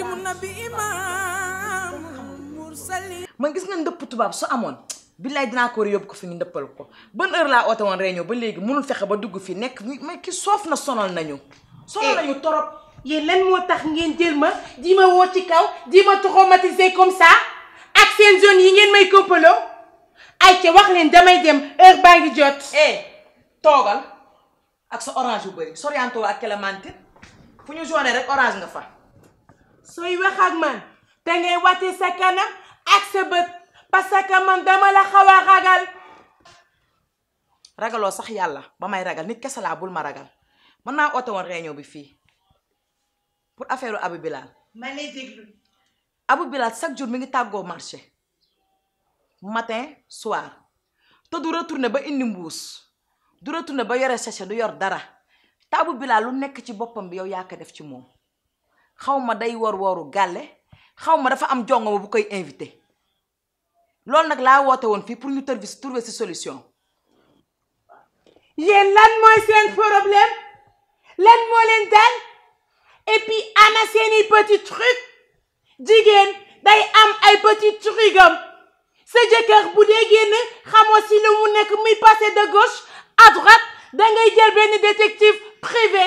xaatimu nabi imaam mursali man gis nga ndëpp tubaab su amoon billaay dinaa ko yóbbu ko fi ñu ndëppal ko ban heure laa oote woon réunion ba léegi mënul fexe ba dugg fi nekk mais ki soof na sonoon nañu sonal nañu torop yéen lan moo tax ngeen jël ma di ma woo ci kaw di ma traumatiser comme ça ak seen yi ngeen may kompaloo ay ca wax leen damay dem heure baa ngi jot eh toogal ak sa orange bu bëri soriantoo ak Clémentine fu ñu joonee rek orange nga fa sooy wax ak man da ngay wàcce sa kanam ak sa beut parce que man dama la xawa ragal. ragalo sax yalla ba ragal nit kessa la bul ma ragal man na auto won réunion bi fi pour affaire Abu Bilal. mané deglu abou Abu Bilal chaque jour mi ngi taggo marché matin soir to du retourner ba indi mbuus du retourner ba yoré sachet du yor dara Abu Bilal lu nek ci bopam bi yow def ci mom xawma day wor woru galé xawma dafa am jongoma bu koy invité loolu nak la woté won fi pour ñu tër trouver ci solution yéen lan moy seen problème lan mo len daal et puis ana seeni petit truc jigéen day am ay petit trugam sa jëkkër bu dee génn xamoo si lu mu nek muy passé de gauche à droite da ngay jël benn détective privé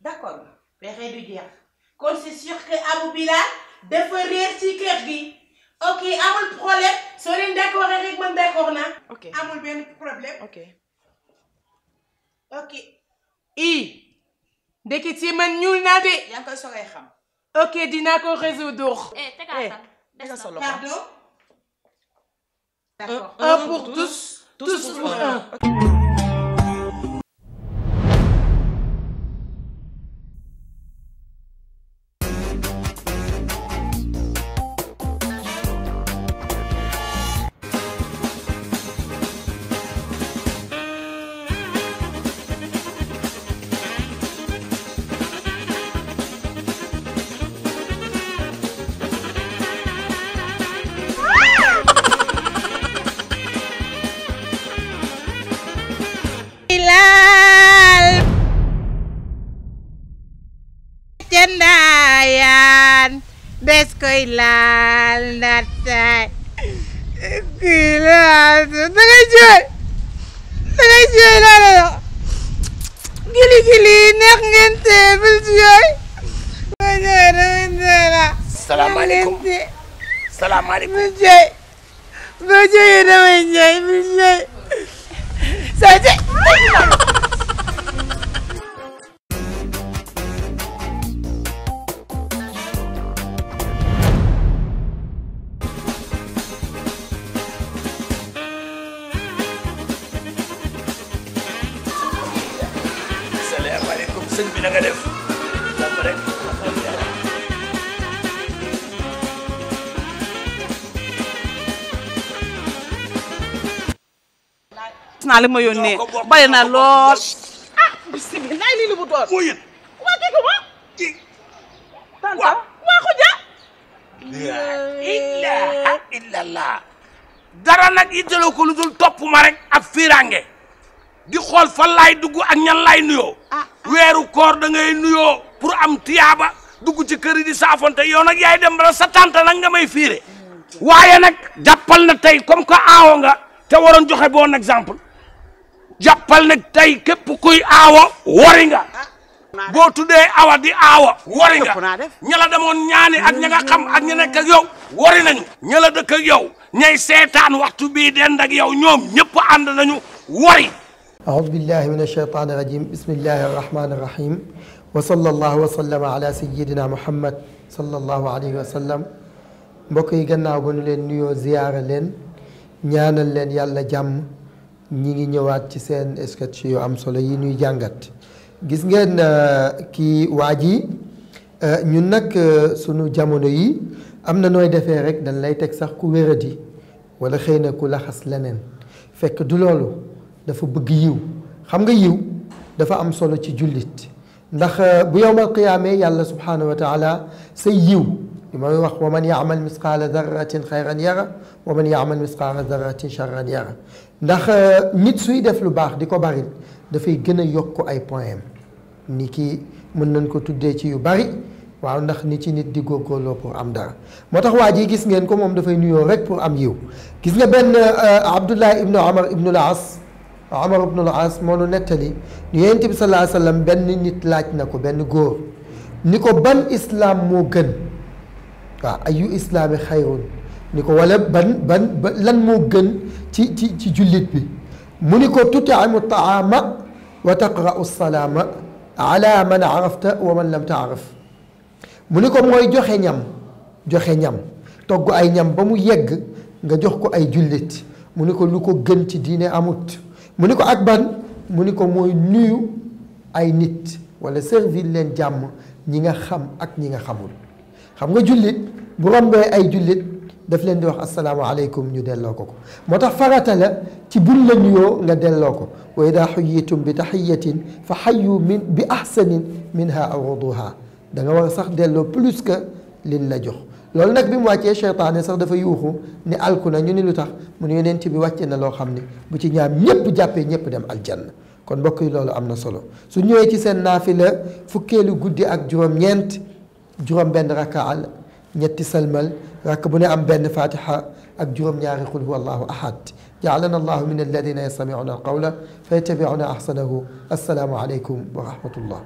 d'accord nga pexe dire qu'on c'est sûr que Abou Bilal dafa réer ci kër gi ok amul problème soo leen d'accord avec man d'accord ok amul benn problème. ok ok. i ndeketee man ñuul naa de. Y'a ngi koy soogay xam. ok dina ko résoudre. eh tegaat eh, sa pardon. Euh, d'accord un pour tous tous pour un. cendaayan des koy laal ndaataay kuy laal dangay jooy dangay la gili gili neex ngeen tee bul jooy ma jooy dama jooy la salaamaaleykum sëñ bi na nga def jàpp rek bari na ah bisimilah lii la bu door koo yën waa ko ma tanta waa ko ja ya. illa dara nag ittaloo ko lu dul ma rek ak firange di xool fan laay dugg ak ñan weeru koor da ngay nuyoo pour am tiyaaba dugg ci kër yi di saafonte yow nag yaay dem bala sa tante nag nga may fiire waaye nag jàppal na tey comme que aawo nga te waroon joxe boon exemple jàppal nag tey képp kuy aawo wari nga boo tuddee awa di aawa wari nga ña la demoon ñaani ak ña nga xam ak ña nekk ak yow wari nañu ña la dëkk yow ñay seetaan waxtu bii dend ak yow ñoom ñëpp ànd nañu wari أعوذ بالله من الشيطان الرجيم بسم الله الرحمن الرحيم وصلى الله وسلم على سيدنا محمد صلى الله عليه وسلم بكي جنا أقول لين نيو زيارة لين نيانا لين يالا جام نيجي نيوات تسين إسكتشيو أم سولي نيو جانغات جسنجن كي واجي نيونك سنو جامونوي أمنا نوي دفيرك دان لايتك سخ كويردي ولا خينا كولا خسلنن فك دولولو dafa bëgg yiw xam nga yiw dafa am solo ci jullit ndax bu yowmal qiyaamee yàlla subhanahu wa taala say yiw li may wax wa man yaamal misqaala darratin xayran yara wa man yaamal misqaala darratin charran yara ndax nit suy def lu baax di ko bari dafay gën a yokk ay points ni kii mën nañ ko tuddee ci yu bari waaw ndax ni ci nit di góorgóorloo pour am dara moo tax waa ji gis ngeen ko moom dafay nuyoo rek pour am yiw gis nga benn Abdullah ibnu Amar ibnu Laas عمر بن العاص مونو نتالي نيانتي بي صلى الله عليه وسلم بن نيت لاج نكو بن غور نيكو بن اسلام مو گن آه، ايو اسلام خير نيكو ولا بن بن لن مو گن تي تي تي جوليت بي مونيكو تطعم الطعام وتقرا السلام على من عرفت ومن لم تعرف مونيكو موي جوخي نيام جوخي نيام توغو اي نيام بامو ييغ nga jox ko ay julit muniko luko gën ci diine amut muniko ak ban muniko moy nuyu ay nit wala servir len jam ñi nga xam ak ñi nga xamul xam nga julit bu rombe ay julit daf len di wax assalamu alaykum ñu delloo ko ko moo farata la ci buñ la nuyo nga delloo ko wa idha xuyitum bi tahiyatin fa hayyu min bi ahsanin minha aw ruduha da nga wax sax delloo plus que liñ la jox loolu nag bi mu wàccee seytaane sax dafa yuuxu ne alku na ñu ni lu tax mu ne yonent bi wàcce na loo xam ne bu ci ñaam ñëpp jàppee ñëpp dem aljanna kon mbokk yi loolu am na solo su ñëwee ci seen naafila fukkeelu guddi ak juróom-ñeent juróom-benn rakkaa la ñetti salmal rakk bu ne am benn fatiha ak juróom-ñaari qul huwa allahu ahad jaalana allahu min alladina yastamiuna alqawla fa yattabiuna ahsanahu assalaamu aleykum wa rahmatullah